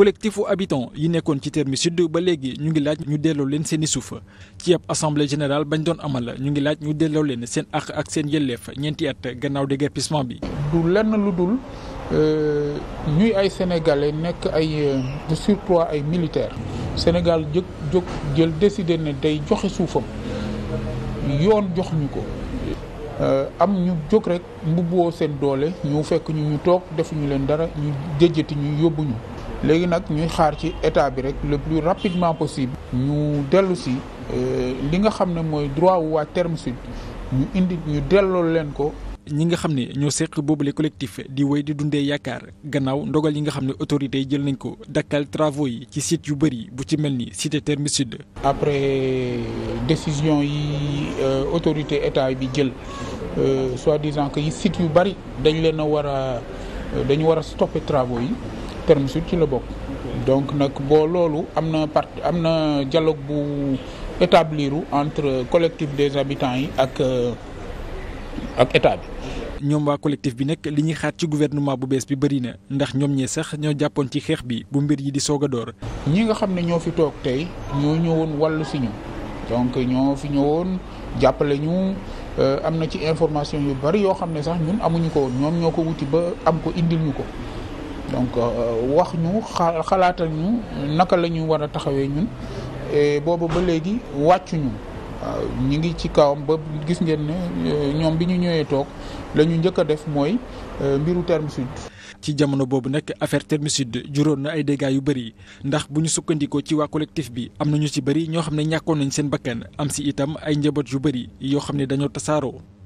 collectifu habitants yi nekkoon ci terme sud ba léegi ñu ngi laaj ñu delloo leen seeni suufa suuf ci ab assemblée générale bañ doon amal ñu ngi laaj ñu delloo leen seen àq ak seen yelleef ñeenti at gannaaw déguerpissement bi. du lenn lu dul euh, ñuy ay sénégalais nekk ay euh, de ay militaires Sénégal jëk jóg jël décider ne day joxe suufam yoon joxuñu ko. Euh, am ñu jóg rek mbubboo seen doole ñu fekk ñu ñu toog defuñu leen dara ñu jëjëti ñu léegi nag ñuy xaar ci état bi rek le plus rapidement possible ñu dellu si euh, li nga xam ne mooy droit wu waa terme sud ñu indi ñu delloo leen ko ñi nga xam ne ñoo seq boobule collectif di wéy di dundee yaakaar gannaaw ndogal yi nga xam ne autorité yi jël nañ ko dakkal travaux yi ci site yu bëri bu ci mel ni cité terme sud après décision yi euh, autorité état bi jël euh, soit disant que yi site yu bëri dañu leen a war a dañu war a stopper travaux yi terme sud ci la bokk. donc nag boo loolu am na part am na jaloog bu établir entre collectif des habitants yi ak euh, ak état bi. ñoom waa collectif bi nag li ñuy xaat ci gouvernement bu bees bi bari na ndax ñoom ñee sax ñoo jàppoon ci xeex bi bu mbir yi di soog a door. ñi nga xam ne ñoo fi toog tey ñoo ñëwoon wàllu si ñu donc ñoo fi ñëwoon jàppale ñu euh, am na ci information yu bari yoo xam ne sax ñun amuñu ko woon ñoom ñoo ko wuti ba am ko indil ñu ko. donc euh, wax ñu xalaatal ñu naka la ñu war a taxawee ñun boobu ba léegi wàccuñu waaw ñu ngi ci kawam ba gis ngeen ne euh, ñoom bi ñu ñëwee toog la ñu njëkk a def mooy euh, mbiru terme sud. ci jamono boobu nag affaire terme sud juróon na ay dégâts yu bari ndax bu ñu sukkandikoo ci waa collectif bi am na ñu ci bëri ñoo xam ne ñàkkoon nañ seen bakkan am si itam ay njaboot yu bëri yoo xam ne dañoo tasaaroo.